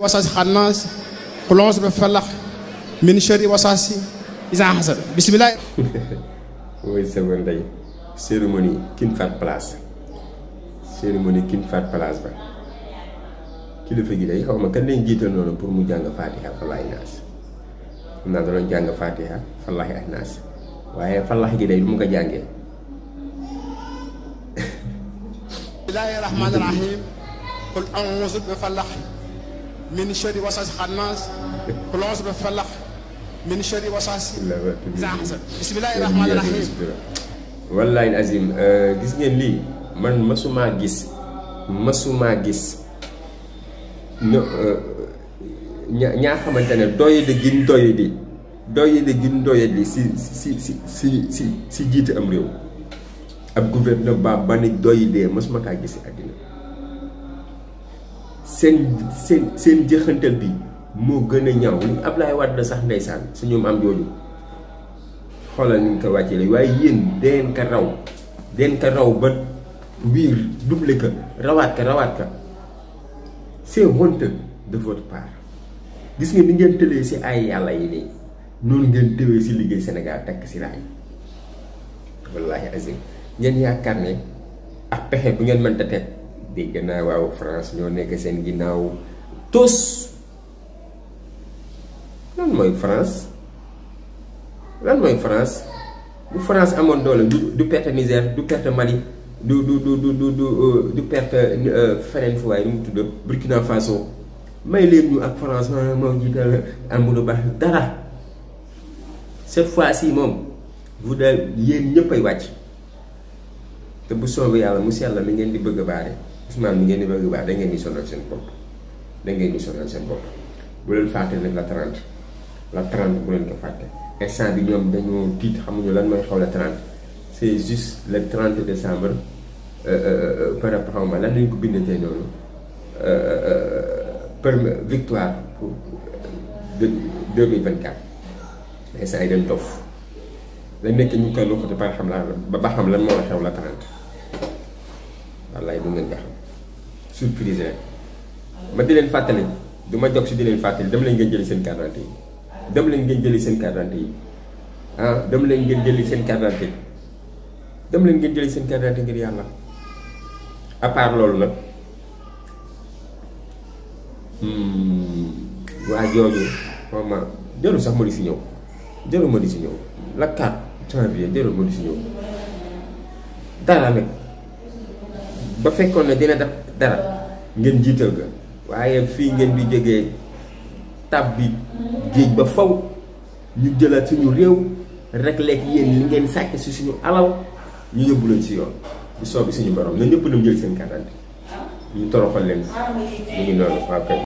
waswaasi xannaas xulonse ba falax min sharri waswaasi izaa xasad bisimilah. mooy sama ndey cérémonie kin faat place cérémonie kin faat place ba kilifa gi day xaw ma kan lañ jiital noonu pour mu jàng faatiha falaahi naas xam naa da doon jàng faatiha falaahi ak waaye falax gi day du mu ko jàngee. bisimilah rahmaani rahiim. qul auzu bi falax. من شر وسواس الخناس كلوز بفلق من شر وسواس زحزح بسم الله الرحمن الرحيم والله العظيم gis ngeen lii man mësuma gis mësuma gis euh, ñaa xamante ne doyadi gin doyadi doyadi gin doyadi si si si si si si jiite am réew ab gouvernement ba ni doyadee masuma kaa gis ak seen seen seen jëxantal bi moo gën a ñaw li Ablaye Wade la sax ndeysaan su ñoom am jooju xoolal ni ko wàccee la waaye yéen deen ka raw deen ka raw ba wiir duble ka rawaat ka rawaat ka c'est honteux de votre gis nga ni ngeen tëlee si ay yàlla yi nii noonu ngeen tëwee si liggéey Sénégal takk si raay wallaahi azim ngeen yaakaar ne ak pexe bu ngeen mënta teg dégg naa waaw France ñoo nekk seen ginnaaw tous lan mooy France lan mooy France bu France amoon doole du du perte Niger du perte Mali du du du du du du euh, perte euh, feneen fu waaye mu tudd Burkina Faso may leen ñu ak France ma moom jiital Amadou Ba dara cette fois yi moom bu de yéen ñëpp ay wàcc te bu soogee yàlla mu sell mi ngeen di bëgg a baare Ousmane mi ngeen di bëgg baax da ngeen di sonal seen bopp da ngeen di sonal seen bopp bu leen fàtte nag la 30 la 30 bu leen ko fàtte instant bi ñoom dañoo tiit xamuñu lan mooy xaw la 30 c'est juste le 30 décembre par rapport ma lan lañ ko bindatee noonu per victoire pour deux mille vingt quatre instant yi dañ dof la nekk ñu ba xam la ba xam lan moo la xew la 30 wallaay ngeen ko xam surprise rek ma di leen fàttali du ma jog si di leen fàttali dem leen ngeen jëli seen carte yi dem leen ngeen jëli seen carte yi ah dem leen ngeen jëli seen carte yi dem leen ngeen jëli seen carte d'identité ngir yàlla à part loolu nag hmm, waa jooju xaw ma jëlu sax ma di si ñëw jëlu ma di si ñëw la 4 janvier jëlu ma si ñëw dara nag ba fekkoon na dina def dara ngeen jiital ga waaye fii ngeen di jógee tab bi géej ba faw ñu jëlaat suñu réew rek lekk yéen li ngeen sàcc si suñu alaw ñu yóbbu leen si yoon soog soobi suñu borom na ñëpp dem jël seen kàttan ah. ñu toroxal leen ah, ñu ngi noonu waaw kay